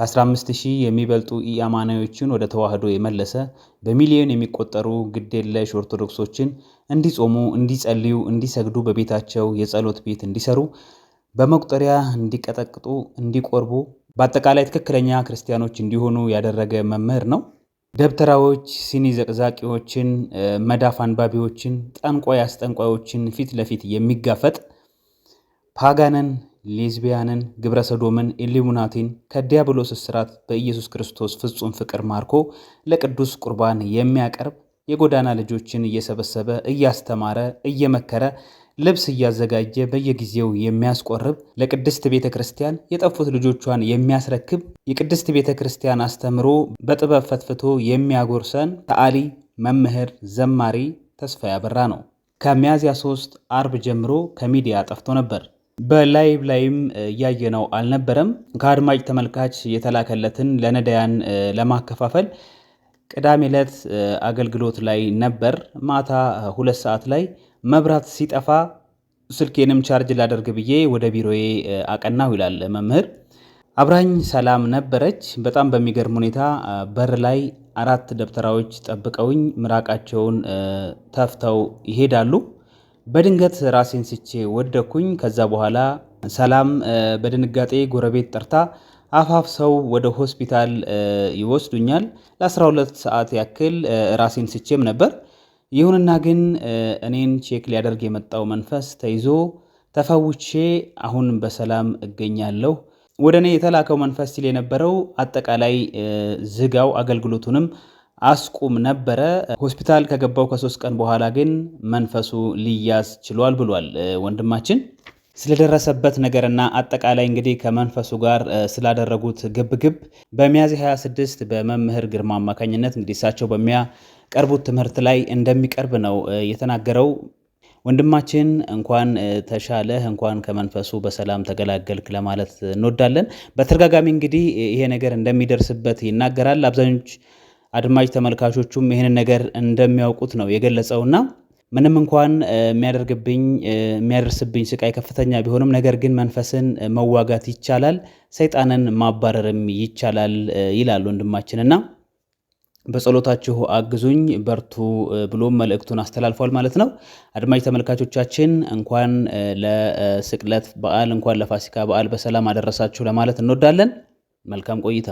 ከ15 ሺህ የሚበልጡ ኢአማናዮችን ወደ ተዋህዶ የመለሰ በሚሊዮን የሚቆጠሩ ግዴለሽ ኦርቶዶክሶችን እንዲጾሙ፣ እንዲጸልዩ፣ እንዲሰግዱ በቤታቸው የጸሎት ቤት እንዲሰሩ በመቁጠሪያ እንዲቀጠቅጡ፣ እንዲቆርቡ በአጠቃላይ ትክክለኛ ክርስቲያኖች እንዲሆኑ ያደረገ መምህር ነው። ደብተራዎች፣ ሲኒ ዘቅዛቂዎችን፣ መዳፍ አንባቢዎችን፣ ጠንቋይ አስጠንቋዮችን ፊት ለፊት የሚጋፈጥ ፓጋንን ሌዝቢያንን፣ ግብረ ሰዶምን፣ ኢሊሙናቲን ከዲያብሎስ እስራት በኢየሱስ ክርስቶስ ፍጹም ፍቅር ማርኮ ለቅዱስ ቁርባን የሚያቀርብ የጎዳና ልጆችን እየሰበሰበ እያስተማረ እየመከረ ልብስ እያዘጋጀ በየጊዜው የሚያስቆርብ ለቅድስት ቤተ ክርስቲያን የጠፉት ልጆቿን የሚያስረክብ የቅድስት ቤተ ክርስቲያን አስተምሮ በጥበብ ፈትፍቶ የሚያጎርሰን ተአሊ መምህር፣ ዘማሪ ተስፋ ያበራ ነው። ከሚያዝያ 3 አርብ ጀምሮ ከሚዲያ ጠፍቶ ነበር። በላይቭ ላይም እያየነው አልነበረም። ከአድማጭ ተመልካች የተላከለትን ለነዳያን ለማከፋፈል ቅዳሜ ዕለት አገልግሎት ላይ ነበር። ማታ ሁለት ሰዓት ላይ መብራት ሲጠፋ ስልኬንም ቻርጅ ላደርግ ብዬ ወደ ቢሮዬ አቀናሁ ይላል መምህር። አብራኝ ሰላም ነበረች። በጣም በሚገርም ሁኔታ በር ላይ አራት ደብተራዎች ጠብቀውኝ ምራቃቸውን ተፍተው ይሄዳሉ። በድንገት ራሴን ስቼ ወደኩኝ። ከዛ በኋላ ሰላም በድንጋጤ ጎረቤት ጠርታ አፋፍ ሰው ወደ ሆስፒታል ይወስዱኛል። ለ12 ሰዓት ያክል ራሴን ስቼም ነበር። ይሁንና ግን እኔን ቼክ ሊያደርግ የመጣው መንፈስ ተይዞ ተፈውቼ አሁን በሰላም እገኛለሁ። ወደ እኔ የተላከው መንፈስ ሲል የነበረው አጠቃላይ ዝጋው አገልግሎቱንም አስቁም ነበረ። ሆስፒታል ከገባው ከሶስት ቀን በኋላ ግን መንፈሱ ሊያዝ ችሏል ብሏል ወንድማችን። ስለደረሰበት ነገርና አጠቃላይ እንግዲህ ከመንፈሱ ጋር ስላደረጉት ግብግብ በሚያዝያ 26 በመምህር ግርማ አማካኝነት እንግዲህ እሳቸው በሚያቀርቡት ትምህርት ላይ እንደሚቀርብ ነው የተናገረው። ወንድማችን እንኳን ተሻለህ፣ እንኳን ከመንፈሱ በሰላም ተገላገልክ ለማለት እንወዳለን። በተደጋጋሚ እንግዲህ ይሄ ነገር እንደሚደርስበት ይናገራል። አብዛኞች አድማጭ ተመልካቾቹም ይህንን ነገር እንደሚያውቁት ነው የገለጸውና ምንም እንኳን የሚያደርግብኝ የሚያደርስብኝ ስቃይ ከፍተኛ ቢሆንም ነገር ግን መንፈስን መዋጋት ይቻላል፣ ሰይጣንን ማባረርም ይቻላል ይላል ወንድማችንና በጸሎታችሁ አግዙኝ በርቱ ብሎም መልእክቱን አስተላልፏል ማለት ነው። አድማጭ ተመልካቾቻችን እንኳን ለስቅለት በዓል እንኳን ለፋሲካ በዓል በሰላም አደረሳችሁ ለማለት እንወዳለን። መልካም ቆይታ